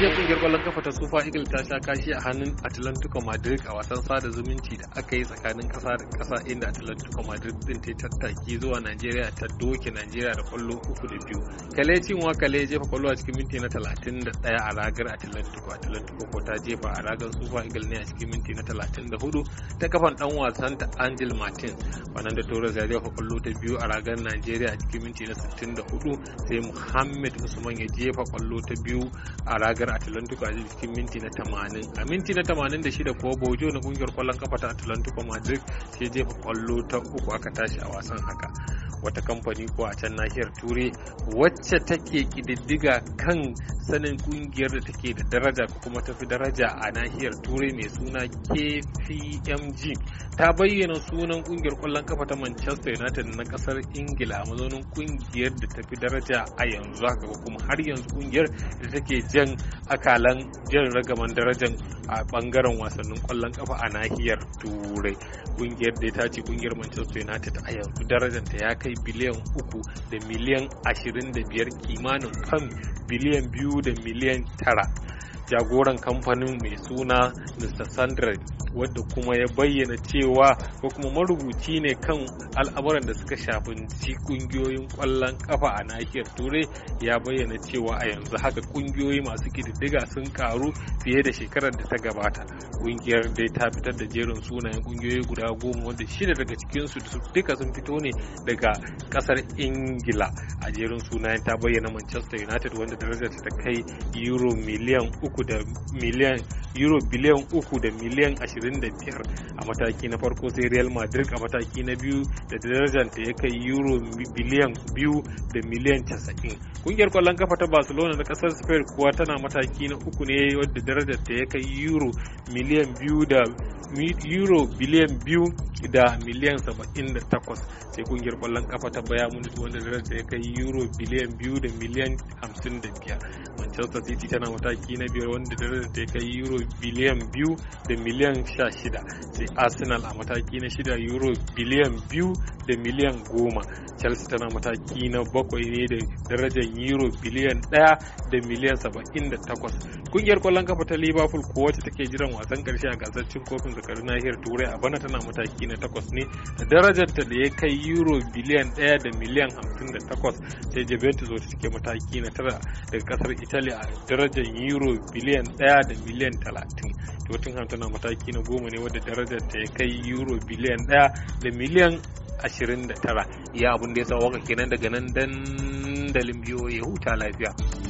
Kungiyar kungiyar kwallon kafa ta tsufa Eagle ta sha kashi a hannun Atlantico Madrid a wasan sada zumunci da aka yi tsakanin kasa da kasa inda Atlantico Madrid din ta tattaki zuwa Najeriya ta doke Najeriya da kwallo uku da biyu. Kale cinwa kale jefa kwallo a cikin minti na talatin da ɗaya a ragar Atlantico. Atlantico ko ta jefa a ragar tsufa Eagle ne a cikin minti na talatin da hudu ta kafan ɗan wasan ta Angel Martin. da Torres ya jefa kwallo ta biyu a ragar Najeriya a cikin minti na sittin da hudu sai Muhammad Usman ya jefa kwallo ta biyu a ragar kungiyar atlantico a cikin minti na 80 a minti na 86 kuwa bojo na kungiyar kwallon kafa ta atlantico madrid sai jefa kwallo ta uku aka tashi a wasan haka wata kamfani ko a can nahiyar turai wacce take kididdiga kan sanin kungiyar da take da daraja ko kuma tafi daraja a nahiyar turai mai suna kpmg ta bayyana sunan kungiyar kwallon kafa ta manchester united na kasar ingila a mazaunin kungiyar da tafi daraja a yanzu haka kuma har yanzu kungiyar da take jan akalan jan ragaman darajan a bangaren wasannin kwallon kafa a nahiyar turai kungiyar da ta ce kungiyar manchester united a yanzu darajanta ya kai biliyan uku da miliyan ashirin da biyar kimanin kan biliyan biyu da miliyan tara jagoran kamfanin mai suna mr sandra wadda kuma ya bayyana cewa ko kuma marubuci ne kan al'amuran da suka shafi kungiyoyin kwallon kafa a nahiyar turai ya bayyana cewa a yanzu haka kungiyoyi masu kididdiga sun karu fiye da shekarar da ta gabata kungiyar dai ta fitar da jerin sunayen kungiyoyi guda goma wanda shida daga cikinsu duka sun fito ne daga kasar ingila a jerin sunayen ta bayyana manchester united wanda darajar ta kai euro miliyan uku uku da miliyan euro biliyan uku da miliyan ashirin da biyar a mataki na farko sai real madrid a mataki na biyu da darajanta ya kai euro biliyan biyu da miliyan casa'in kungiyar kwallon kafa ta barcelona na kasar spain kuwa tana mataki na uku ne wadda darajarta ya kai euro miliyan biyu da euro biliyan biyu da miliyan saba'in da takwas sai kungiyar kwallon kafa ta baya munich wanda darajarta ya kai euro biliyan biyu da miliyan hamsin da biyar chelsea City tana mataki na biyar wanda darajar ta kai euro biliyan biyu da miliyan sha shida sai Arsenal a mataki na shida euro biliyan biyu da miliyan goma Chelsea tana mataki na bakwai ne da darajar euro biliyan daya da miliyan saba'in da takwas kungiyar kwallon kafa ta Liverpool ko wacce take jiran wasan karshe a gasar cin kofin zakarun nahiyar Turai a bana tana mataki na takwas ne da darajar ta da ya kai euro biliyan daya da miliyan hamsin da takwas sai Juventus wacce take mataki na tara daga kasar Italy a darajar euro biliyan ɗaya da miliyan talatin tottenham tana mataki na goma ne wadda darajar ta ya kai euro biliyan ɗaya da miliyan ashirin da tara iya abin da ya sa waka kenan daga nan dandalin biyo ya huta lafiya